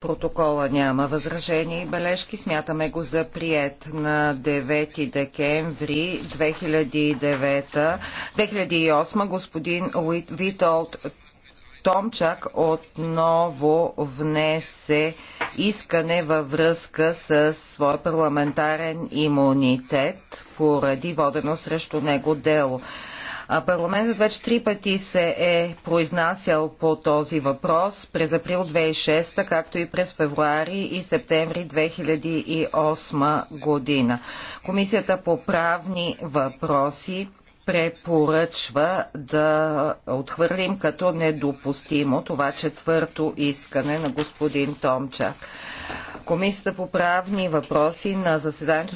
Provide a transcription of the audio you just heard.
Протокола няма възражения и бележки. Смятаме го за прият на 9 декември 2009, 2008 господин Витолд Томчак отново внесе искане във връзка с свой парламентарен имунитет поради водено срещу него дело. Парламентът вече три пъти се е произнасял по този въпрос през април 2006, както и през февруари и септември 2008 година. Комисията по правни въпроси препоръчва да отхвърлим като недопустимо това четвърто искане на господин Томчак. Комисията по правни въпроси на заседанието